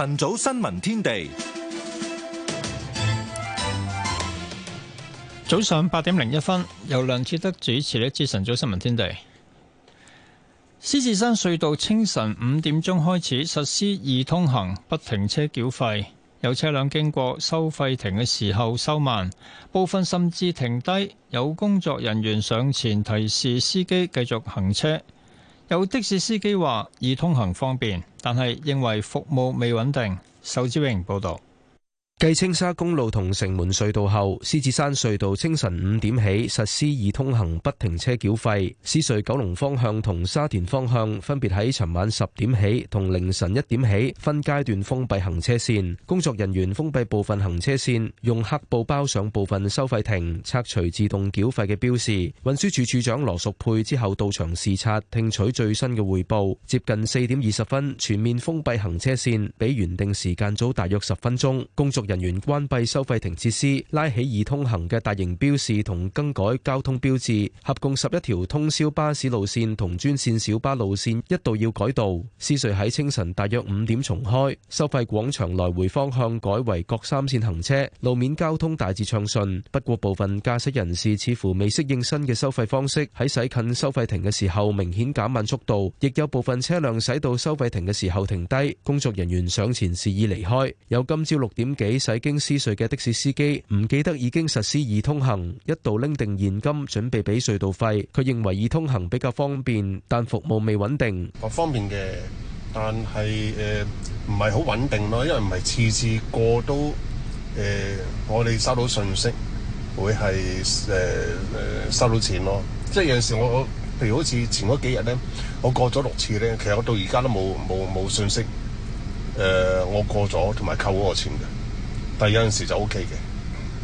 晨早新聞天地，早上八點零一分，由梁志德主持呢節晨早新聞天地。獅子山隧道清晨五點鐘開始實施易通行，不停車繳費，有車輛經過收費亭嘅時候收慢，部分甚至停低，有工作人員上前提示司機繼續行車。有的士司機話：易通行方便，但係認為服務未穩定。仇志榮報導。繼青沙公路同城門隧道後，獅子山隧道清晨五點起實施易通行不停車繳費。獅隧九龍方向同沙田方向分別喺尋晚十點起同凌晨一點起分階段封閉行車綫。工作人員封閉部分行車綫，用黑布包上部分收費亭，拆除自動繳費嘅標示。運輸署署長羅淑佩之後到場視察，聽取最新嘅匯報。接近四點二十分，全面封閉行車綫，比原定時間早大約十分鐘。工作。人員關閉收費亭設施，拉起易通行嘅大型標示同更改交通標誌，合共十一條通宵巴士路線同專線小巴路線一度要改道，獅隧喺清晨大約五點重開。收費廣場來回方向改為各三線行車，路面交通大致暢順。不過部分駕駛人士似乎未適應新嘅收費方式，喺駛近收費亭嘅時候明顯減慢速度，亦有部分車輛駛到收費亭嘅時候停低，工作人員上前示意離開。有今朝六點幾。駛經獅隧嘅的士司機唔記得已經實施易通行，一度拎定現金準備俾隧道費。佢認為易通行比較方便，但服務未穩定。方便嘅，但係誒唔係好穩定咯，因為唔係次次過都誒、呃、我哋收到信息會係誒誒收到錢咯。即係有陣時我譬如好似前嗰幾日咧，我過咗六次咧，其實我到而家都冇冇冇信息誒、呃，我過咗同埋扣嗰個錢嘅。但有陣時就 O K 嘅，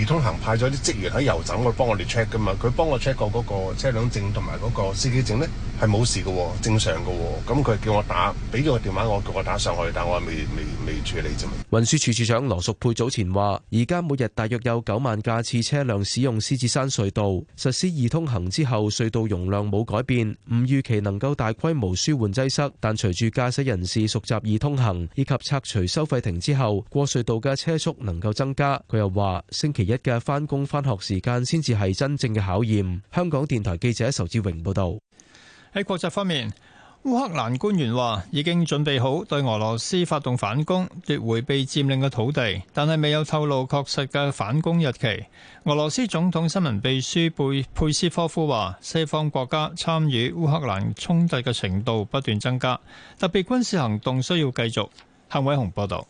而通行派咗啲職員喺油站去度幫我哋 check 噶嘛，佢幫我 check 過嗰個車輛證同埋嗰個司機證咧。係冇事嘅，正常嘅。咁佢叫我打，俾咗個電話我，叫我打上去，但我未未未處理啫。運輸處處長羅淑佩早前話，而家每日大約有九萬架次車輛使用獅子山隧道，實施易通行之後，隧道容量冇改變，唔預期能夠大規模舒緩擠塞。但隨住駕駛人士熟習易通行以及拆除收費亭之後，過隧道嘅車速能夠增加。佢又話，星期一嘅返工返學時間先至係真正嘅考驗。香港電台記者仇志榮報道。喺國際方面，烏克蘭官員話已經準備好對俄羅斯發動反攻，奪回被佔領嘅土地，但係未有透露確實嘅反攻日期。俄羅斯總統新聞秘書貝佩斯科夫話：西方國家參與烏克蘭衝突嘅程度不斷增加，特別軍事行動需要繼續。夏偉雄報導。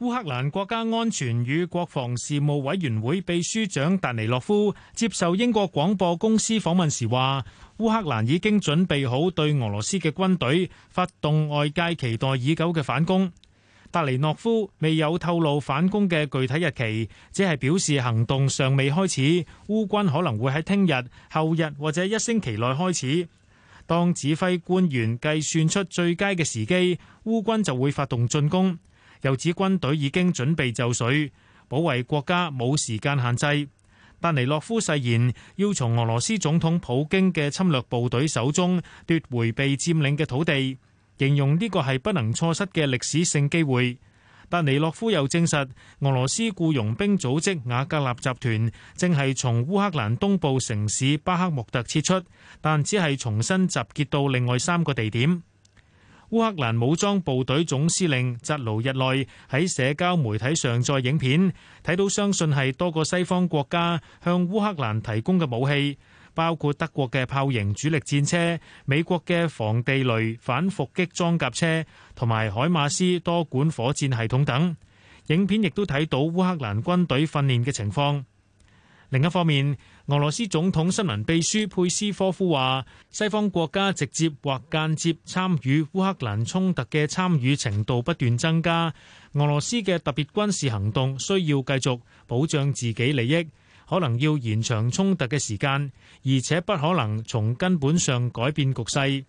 烏克蘭國家安全與國防事務委員會秘書長達尼洛夫接受英國廣播公司訪問時話：烏克蘭已經準備好對俄羅斯嘅軍隊發動外界期待已久嘅反攻。達尼洛夫未有透露反攻嘅具體日期，只係表示行動尚未開始，烏軍可能會喺聽日、後日或者一星期內開始。當指揮官員計算出最佳嘅時機，烏軍就會發動進攻。又指軍隊已經準備就緒，保衛國家冇時間限制。達尼洛夫誓言要從俄羅斯總統普京嘅侵略部隊手中奪回被佔領嘅土地，形容呢個係不能錯失嘅歷史性機會。達尼洛夫又證實，俄羅斯僱傭兵組織瓦格納集團正係從烏克蘭東部城市巴克莫特撤出，但只係重新集結到另外三個地點。烏克蘭武裝部隊總司令扎盧日內喺社交媒體上載影片，睇到相信係多個西方國家向烏克蘭提供嘅武器，包括德國嘅豹型主力戰車、美國嘅防地雷反伏擊裝甲車同埋海馬斯多管火箭系統等。影片亦都睇到烏克蘭軍隊訓練嘅情況。另一方面，俄羅斯總統新聞秘書佩斯科夫話：西方國家直接或間接參與烏克蘭衝突嘅參與程度不斷增加，俄羅斯嘅特別軍事行動需要繼續保障自己利益，可能要延長衝突嘅時間，而且不可能從根本上改變局勢。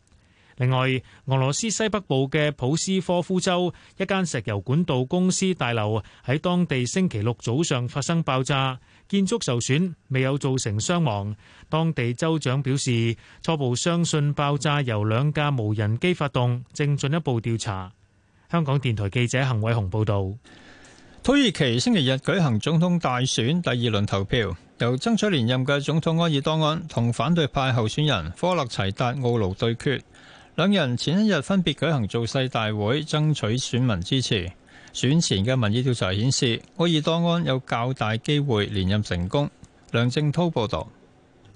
另外，俄羅斯西北部嘅普斯科夫州一間石油管道公司大樓喺當地星期六早上發生爆炸。建築受損，未有造成傷亡。當地州長表示，初步相信爆炸由兩架無人機發動，正進一步調查。香港電台記者邢偉雄報導。土耳其星期日舉行總統大選第二輪投票，由爭取連任嘅總統埃爾多安同反對派候選人科勒齊達奧盧對決。兩人前一日分別舉行造勢大會，爭取選民支持。選前嘅民意調查顯示，埃爾多安有較大機會連任成功。梁正滔報導。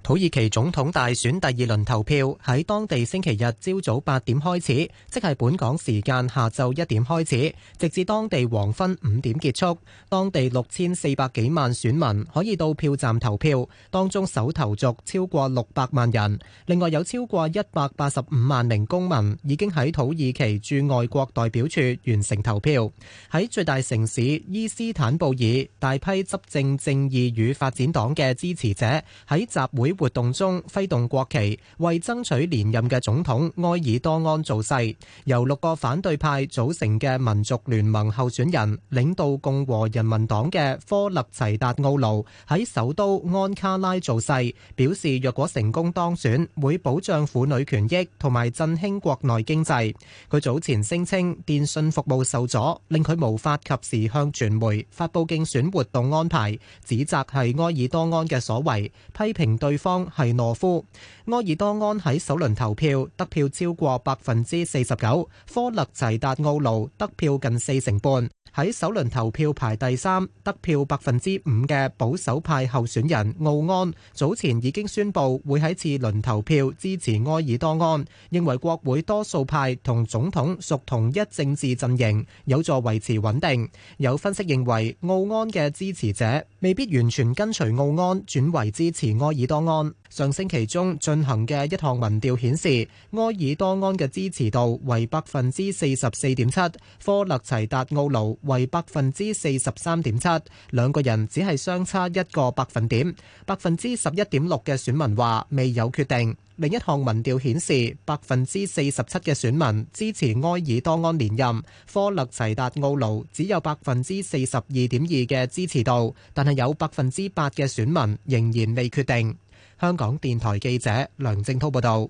土耳其總統大選第二輪投票喺當地星期日朝早八點開始，即係本港時間下晝一點開始，直至當地黃昏五點結束。當地六千四百幾萬選民可以到票站投票，當中首投族超過六百萬人。另外有超過一百八十五萬名公民已經喺土耳其駐外國代表處完成投票。喺最大城市伊斯坦布爾，大批執政正義與發展黨嘅支持者喺集會。活動中揮動國旗，為爭取連任嘅總統埃爾多安造勢。由六個反對派組成嘅民族聯盟候選人、領導共和人民黨嘅科勒齊達奧盧喺首都安卡拉造勢，表示若果成功當選，會保障婦女權益同埋振興國內經濟。佢早前聲稱電訊服務受阻，令佢無法及時向傳媒發佈競選活動安排，指責係埃爾多安嘅所為，批評對。方係懦夫。埃爾多安喺首輪投票得票超過百分之四十九，科勒齊達奧盧得票近四成半。喺首輪投票排第三，得票百分之五嘅保守派候選人奧安，早前已經宣佈會喺次輪投票支持埃爾多安，認為國會多數派同總統屬同一政治陣營，有助維持穩定。有分析認為奧安嘅支持者未必完全跟隨奧安轉為支持埃爾多安。上星期中進行嘅一項民調顯示，埃爾多安嘅支持度為百分之四十四點七，科勒齊達奧盧為百分之四十三點七，兩個人只係相差一個百分點。百分之十一點六嘅選民話未有決定。另一項民調顯示，百分之四十七嘅選民支持埃爾多安連任，科勒齊達奧盧只有百分之四十二點二嘅支持度，但係有百分之八嘅選民仍然未決定。香港電台記者梁正濤報道：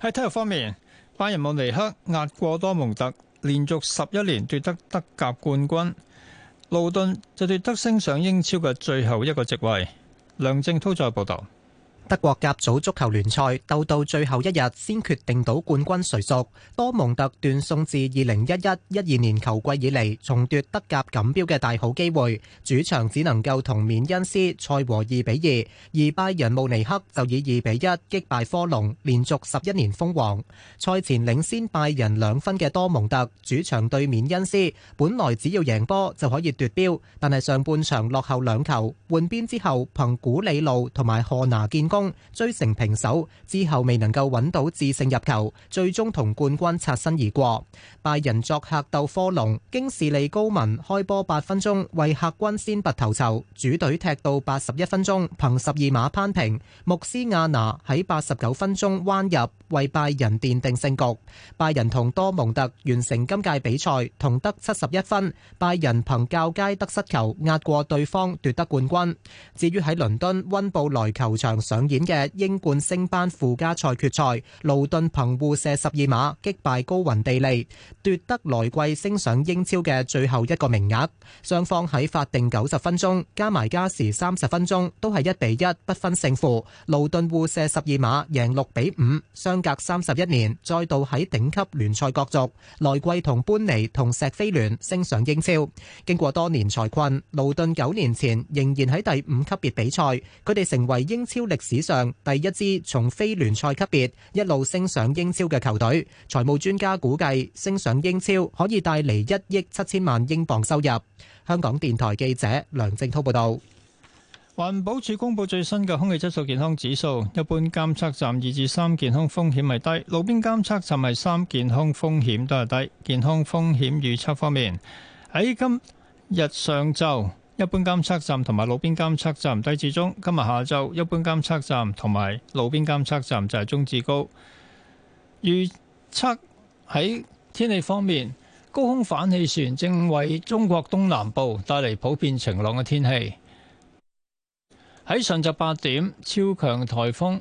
喺體育方面，拜仁慕尼黑壓過多蒙特，連續十一年奪得德甲冠軍。勞頓就奪得升上英超嘅最後一個席位。梁正濤再報道。德國甲組足球聯賽鬥到最後一日，先決定到冠軍誰屬。多蒙特斷送至2011-12年球季以嚟重奪德甲錦標嘅大好機會，主場只能夠同緬恩斯賽和2比2，而拜仁慕尼黑就以2比1擊敗科隆，連續十一年封王。賽前領先拜仁兩分嘅多蒙特主場對緬恩斯，本來只要贏波就可以奪標，但係上半場落後兩球，換邊之後憑古里路同埋賀拿建。攻追成平手，之後未能夠揾到致勝入球，最終同冠軍擦身而過。拜仁作客鬥科隆，京士利高文開波八分鐘為客軍先拔頭籌，主隊踢到八十一分鐘憑十二碼扳平。穆斯亞拿喺八十九分鐘彎入為拜仁奠定勝局。拜仁同多蒙特完成今屆比賽同得七十一分，拜仁憑較佳得失球壓過對方奪得冠軍。至於喺倫敦温布萊球場上演嘅英冠升班附加賽決賽，勞頓憑互射十二碼擊敗高雲地利，奪得來季升上英超嘅最後一個名額。雙方喺法定九十分鐘加埋加時三十分鐘都係一比一不分勝負，勞頓互射十二碼贏六比五，相隔三十一年再度喺頂級聯賽角逐。來季同班尼同石飛聯升上英超。經過多年財困，勞頓九年前仍然喺第五級別比賽，佢哋成為英超歷史。史上第一支從非聯賽級別一路升上英超嘅球隊，財務專家估計升上英超可以帶嚟一億七千萬英鎊收入。香港電台記者梁正濤報道。環保署公布最新嘅空氣質素健康指數，一般監測站二至三健康風險係低，路邊監測站係三健康風險都係低。健康風險預測方面，喺今日上晝。一般監測站同埋路邊監測站低至中，今日下晝一般監測站同埋路邊監測站就係中至高。預測喺天氣方面，高空反氣旋正為中國東南部帶嚟普遍晴朗嘅天氣。喺上晝八點，超強颱風。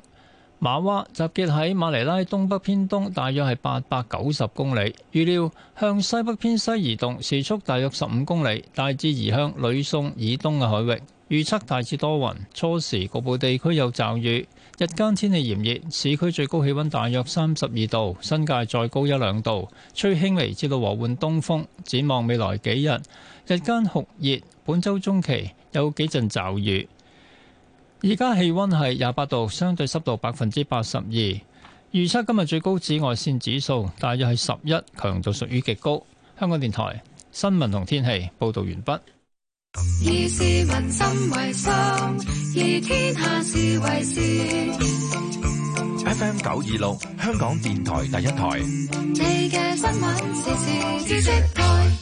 馬娃集結喺馬尼拉東北偏東，大約係八百九十公里。預料向西北偏西移動，時速大約十五公里，大致移向呂宋以東嘅海域。預測大致多雲，初時局部地區有驟雨，日間天氣炎熱，市區最高氣溫大約三十二度，新界再高一兩度，吹輕微至到和緩東風。展望未來幾日，日間酷熱，本週中期有幾陣驟雨。而家氣溫係廿八度，相對濕度百分之八十二。預測今日最高紫外線指數大約係十一，強度屬於極高。香港電台新聞同天氣報道完畢。以市民心為心，以天下事為事。FM 九二六，香港電台第一台。你嘅新聞時事知識台，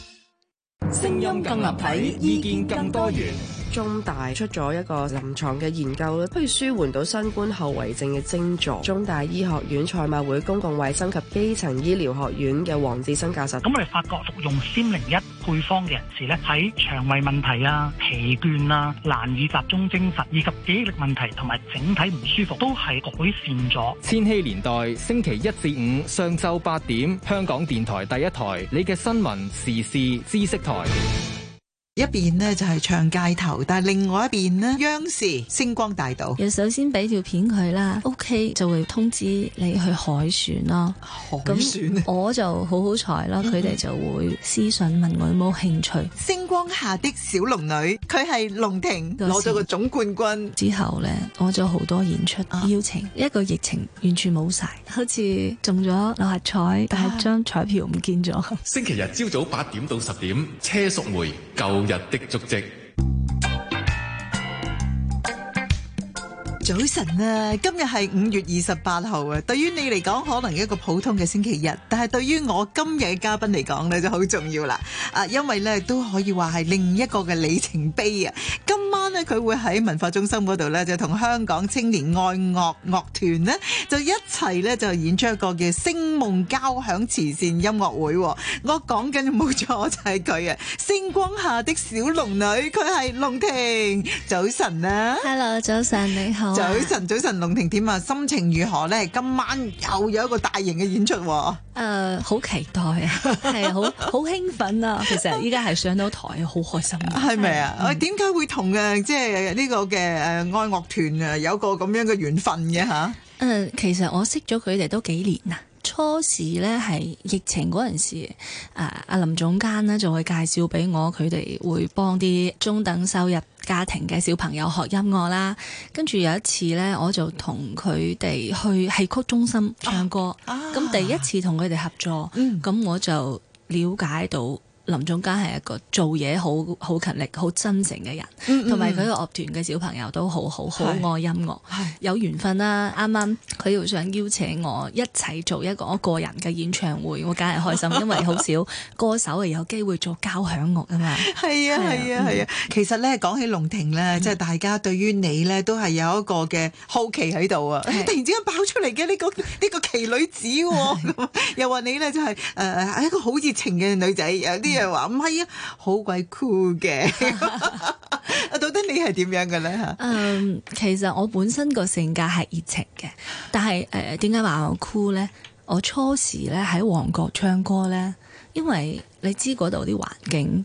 聲音更立體，意見更多元。中大出咗一個臨床嘅研究咧，可以舒緩到新冠後遺症嘅症狀。中大醫學院賽馬會公共衛生及基層醫療學院嘅黃志新教授，咁、嗯、我哋發覺服用仙靈一配方嘅人士咧，喺腸胃問題啊、疲倦啊、難以集中精神以及記憶力問題同埋整體唔舒服，都係改善咗。千禧年代星期一至五上晝八點，香港電台第一台，你嘅新聞時事知識台。一邊呢就係、係、唱街頭，但係另外一邊呢，央視星光大道。又首先俾照片佢啦，OK 就會通知你去海選啦。咁選，我就好好彩啦，佢哋 就會私信問我有冇興趣。星光下的小龍女，佢係龍庭攞咗個總冠軍之後呢，攞咗好多演出邀請。啊、一個疫情完全冇晒，好似中咗六合彩，但係但 張彩票唔見咗。星期日朝早八點到十點，車淑梅舊日的足迹。Yeah, 早晨啊！今日係五月二十八號啊，對於你嚟講可能一個普通嘅星期日，但係對於我今日嘅嘉賓嚟講咧就好重要啦。啊，因為咧都可以話係另一個嘅里程碑啊！今晚咧佢會喺文化中心度咧就同香港青年愛樂樂團咧就一齊咧就演出一個嘅《星夢交響慈善音樂會》我。我講緊冇錯就係佢啊！星光下的小龍女，佢係龍婷。早晨啊！Hello，早晨你好。早晨早晨，龍婷點啊？心情如何咧？今晚又有一個大型嘅演出，誒，好期待啊，係好好興奮啊！其實依家係上到台，好開心是是啊！係咪、嗯、啊？我點解會同誒，即係呢個嘅誒愛樂團啊，有個咁樣嘅緣分嘅吓？誒，其實我識咗佢哋都幾年啦。初時咧係疫情嗰陣時，阿、啊、阿林總監呢就會介紹俾我，佢哋會幫啲中等收入。家庭嘅小朋友學音樂啦，跟住有一次咧，我就同佢哋去戲曲中心唱歌，咁、啊、第一次同佢哋合作，咁、嗯、我就了解到。林中嘉係一個做嘢好好勤力、好真誠嘅人，同埋佢個樂團嘅小朋友都好好好是 愛音樂，是 有緣分啦、啊。啱啱佢又想邀請我一齊做一個個人嘅演唱會，我梗係開心，因為好少歌手係有機會做交響樂啊嘛。係啊係啊係、嗯、啊,啊,啊！其實咧講起龍庭咧，即係、嗯、大家對於你咧都係有一個嘅好奇喺度啊！是 突然之間爆出嚟嘅呢個呢、這個這個奇女子、哦啊啊，又話你咧就係、是、誒、呃、一個好熱情嘅女仔，啲人話唔係啊，好鬼 cool 嘅。啊，到底你係點樣嘅咧嚇？嗯，其實我本身個性格係熱情嘅，但係誒點解話我 cool 咧？我初時咧喺旺角唱歌咧，因為你知嗰度啲環境。